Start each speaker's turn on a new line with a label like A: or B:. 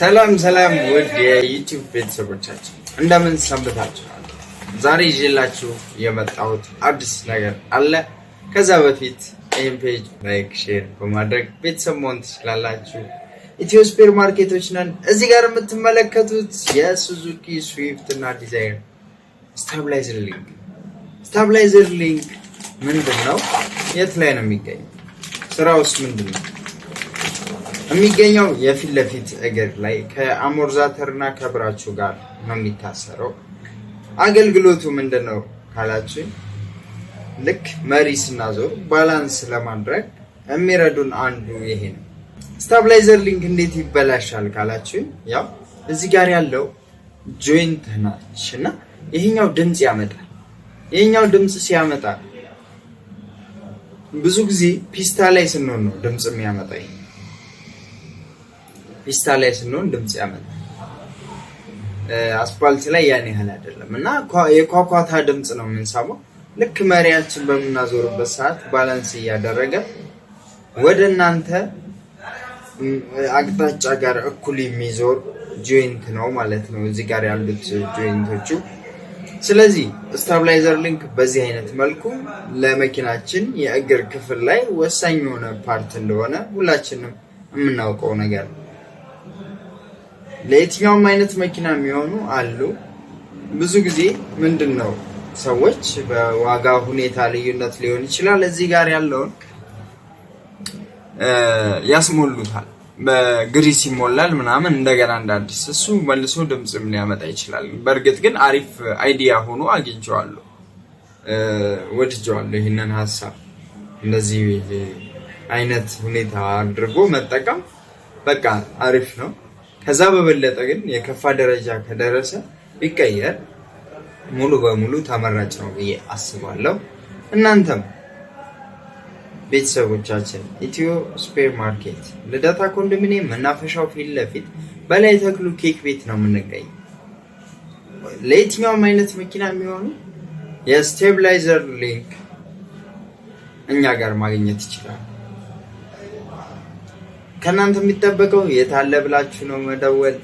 A: ሰላም ሰላም ውድ የዩቲዩብ ቤተሰቦቻችን እንደምን ሰንብታችኋል? ዛሬ ይዤላችሁ የመጣሁት አዲስ ነገር አለ። ከዛ በፊት ይህን ፔጅ ላይክ፣ ሼር በማድረግ ቤተሰብ መሆን ትችላላችሁ። ኢትዮ ስፔር ማርኬቶች ነን። እዚህ ጋር የምትመለከቱት የሱዙኪ ስዊፍት እና ዲዛይር ስታብላይዘር ሊንክ። ስታብላይዘር ሊንክ ምንድን ነው? የት ላይ ነው የሚገኘው? ስራውስ ምንድን ነው? የሚገኘው የፊት ለፊት እግር ላይ ከአሞርዛተር እና ከብራቹ ጋር ነው የሚታሰረው። አገልግሎቱ ምንድን ነው ካላችሁ ልክ መሪ ስናዞር ባላንስ ለማድረግ የሚረዱን አንዱ ይሄ ነው። ስታብላይዘር ሊንክ እንዴት ይበላሻል ካላችሁ ያው እዚህ ጋር ያለው ጆይንት ናች እና ይሄኛው ድምፅ ያመጣል። ይሄኛው ድምፅ ሲያመጣ ብዙ ጊዜ ፒስታ ላይ ስንሆን ነው ድምፅ የሚያመጣ ፒስታ ላይ ስንሆን ድምፅ ያመጣል። አስፓልት ላይ ያን ያህል አይደለም እና የኳኳታ ድምፅ ነው የምንሰማው። ልክ መሪያችን በምናዞርበት ሰዓት ባላንስ እያደረገ ወደ እናንተ አቅጣጫ ጋር እኩል የሚዞር ጆይንት ነው ማለት ነው፣ እዚህ ጋር ያሉት ጆይንቶቹ። ስለዚህ ስታብላይዘር ሊንክ በዚህ አይነት መልኩ ለመኪናችን የእግር ክፍል ላይ ወሳኝ የሆነ ፓርት እንደሆነ ሁላችንም የምናውቀው ነገር ነው። ለየትኛውም አይነት መኪና የሚሆኑ አሉ። ብዙ ጊዜ ምንድን ነው ሰዎች በዋጋ ሁኔታ ልዩነት ሊሆን ይችላል እዚህ ጋር ያለውን ያስሞሉታል። በግሪስ ይሞላል ምናምን እንደገና እንደ አዲስ እሱ መልሶ ድምፅም ሊያመጣ ይችላል። በእርግጥ ግን አሪፍ አይዲያ ሆኖ አግኝቼዋለሁ፣ ወድጀዋለሁ። ይህንን ሀሳብ እንደዚህ አይነት ሁኔታ አድርጎ መጠቀም በቃ አሪፍ ነው። ከዛ በበለጠ ግን የከፋ ደረጃ ከደረሰ ቢቀየር ሙሉ በሙሉ ተመራጭ ነው ብዬ አስባለሁ። እናንተም ቤተሰቦቻችን ኢትዮ ሱፐር ማርኬት ልደታ ኮንዶሚኒየም መናፈሻው ፊት ለፊት በላይ ተክሉ ኬክ ቤት ነው የምንገኝ። ለየትኛውም አይነት መኪና የሚሆኑ የስቴብላይዘር ሊንክ እኛ ጋር ማግኘት ይችላል። ከእናንተ የሚጠበቀው የታለ ብላችሁ ነው መደወል።